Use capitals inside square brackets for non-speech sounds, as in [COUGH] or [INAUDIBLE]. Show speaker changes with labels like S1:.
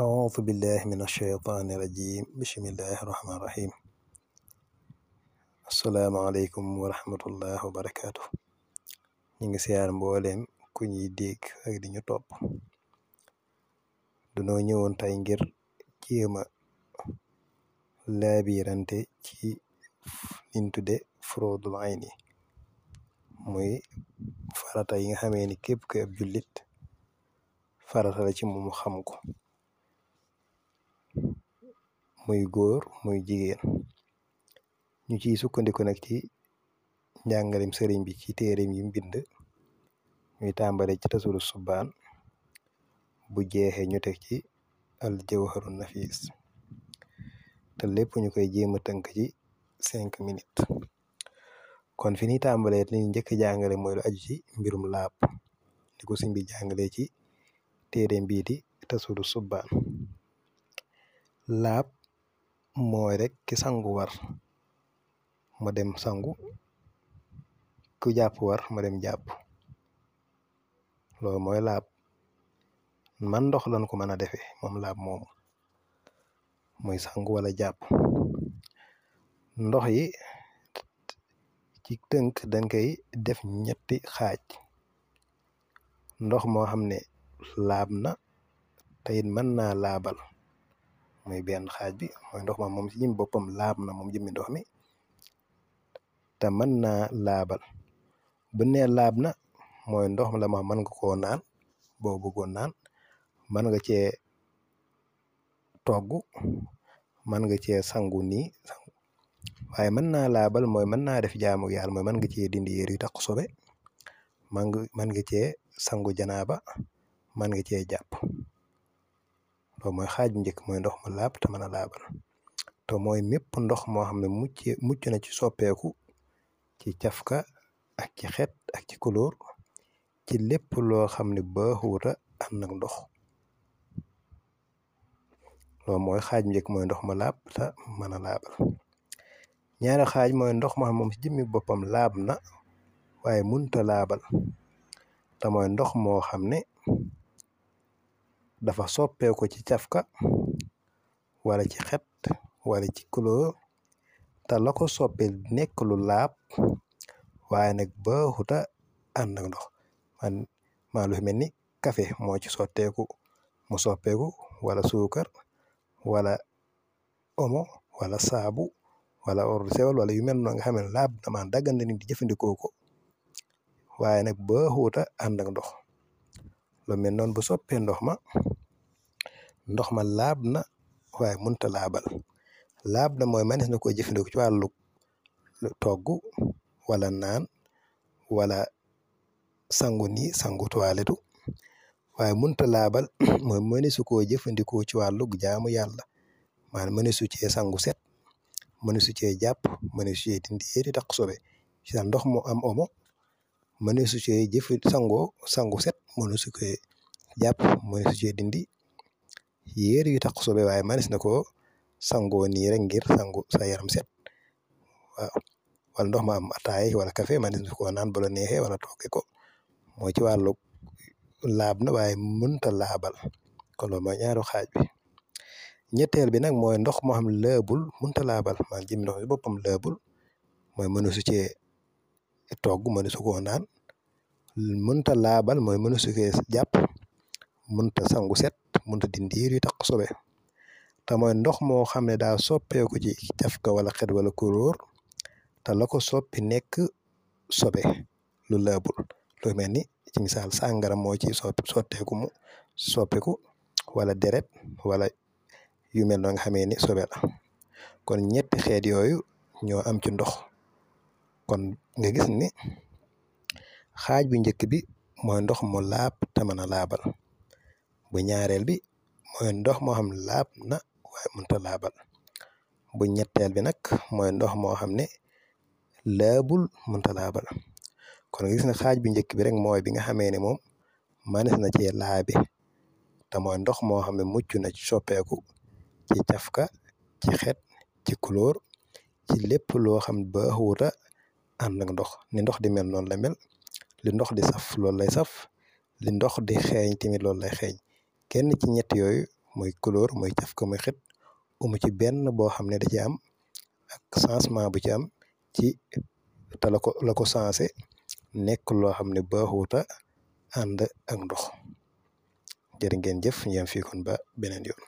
S1: auudu billahi min ashaytaani rajim bismillahi rahmaani rahim asalaamaaleykum wa rahmatullahi wa barakaatu ñu ngi siyaar mbooleem ku ñuy dégg ak di ñu topp dunoo ñëwoon tey ngir jéema laabirante ci liñ tudde furudul ayni muy farata yi nga xamee ni képp ku ab jullit farata la ci moom xam ko muy góor muy jigéen ñu ciy sukkandiku nag ci njàngalem sëriñ bi ci téereem yim bind ñuy tàmbale ci tasulu subaan bu jeexee ñu teg ci al jawharu nafis te lépp ñu koy jéem a tënk ci cinq minutes kon fi ni tàmbalee li njëkk jàngale mooy lu aju ci mbirum laab di ko sëñ bi jàngalee ci téere mbii di tasulu subaan laab mooy rek ki sangu war ma dem sangu ku jàpp war ma dem jàpp loolu mooy laab man ndox lañ ko mën a defee moom laab moomu muy sangu wala jàpp ndox yi ci tënk dañ koy def ñetti xaaj ndox moo xam ne laab na te it mën naa laabal muy benn xaaj bi mooy ndox ma moom si jëm boppam laab na moom jëmmi ndox mi te mën naa laabal bu nee laab na mooy ndox la ma mën nga koo naan boo bëggoon naan man nga cee togg man nga cee sangu nii waaye mën naa laabal mooy mën naa def jaamu yàlla mooy man nga cee dindi yére yu taq sobe mën nga ce sangu janaaba mën nga cee jàpp loolu mooy xaaj bu njëkk mooy ndox mu laab te mën a laabal te mooy mépp ndox moo xam ne mucc mucc na ci soppeeku ci cafka ak ci xet ak ci couleur ci lépp loo xam ne baaxuuta am nag ndox loolu mooy xaaj njëkk mooy ndox mu laab te mën a laabal ñaari xaaj mooy ndox moo xam moom si jëmmi boppam laab na waaye munta laabal te mooy ndox moo xam ne dafa soppeeku ci cafka wala ci xet wala ci couleur te la ko soppil nekk laab waaye nag baaxuta ànd ndox man maa lu mel ni kafe moo ci sotteeku mu soppeeku wala suukar wala omo wala saabu wala or sewal wala yu mel noonu nga xam ne laab damaa daggan na nit di jëfandikoo ko waaye nag baaxuta ànd ndox lu mel noonu bu soppee ndox ma ndox ma laab na waaye mënut a laabal laab na mooy manees na ko jëfandikoo ci wàllu togg wala naan wala sangu ni sangu toiletu waaye mënut a laabal [CLEARS THROAT] mooy mëneesu koo jëfandikoo ci wàllu jaamu yàlla maanaam mëneesu cee sangu set mëneesu cee jàpp mëneesu cee dindi yéeti taq ndox mu am omo mëneesu jëf sangoo sangu set mëneesu cee jàpp mëneesu cee dindi. yéere yu taq sobe waaye manis na ko sangoo nii ngir sangu sa yaram set waaw wala ndox ma am ataay wala café manis na ko naan bala neexee wala tooke ko mooy ci wàllu laab na waaye mënta laabal kon loolu mooy ñaaru xaaj bi ñetteel bi nag mooy ndox moo xam laabul mënta laabal maanaam jëm ndox bi boppam laabul mooy mënu su cee togg mënu su koo naan mooy mënu su cee sangu set mënut ta dindi yiir yu taq sobe te mooy ndox moo xam ne daa soppeeku ci caf ka wala xet wala kulóor te la ko soppi nekk sobe lu laabul lu mel ni ci misaal sàngara moo ci soppi sotteeku mu soppiku wala deret wala yu mel noo nga xamee ni sobe la kon ñetti xeet yooyu ñoo am ci ndox kon nga gis ni xaaj bi njëkk bi mooy ndox mu laab te mën a laabal bu ñaareel bi mooy ndox moo xam laab na waaye mënta laabal bu ñetteel bi nag mooy ndox moo xam ne laabul mënta laabal kon gis na xaaj bi njëkk bi rek mooy bi nga xamee ne moom manes na cee laabe te mooy ndox moo xam ne mucc na ci soppeeku ci cafka ci xeet ci couleur ci lépp loo xam baaxuuta ànd ndox ni ndox di mel noonu la mel li ndox di saf loolu lay saf li ndox di xeeñ tamit loolu lay xeeñ kenn ci ñett yooyu mooy couleur mooy caf ko muy xet amu ci benn boo xam ne da am ak changement bu ci am ci te la ko la ko loo xam ne baaxuta ànd ak ndox jërë ngeen jëf ñeem fii kon ba beneen yoon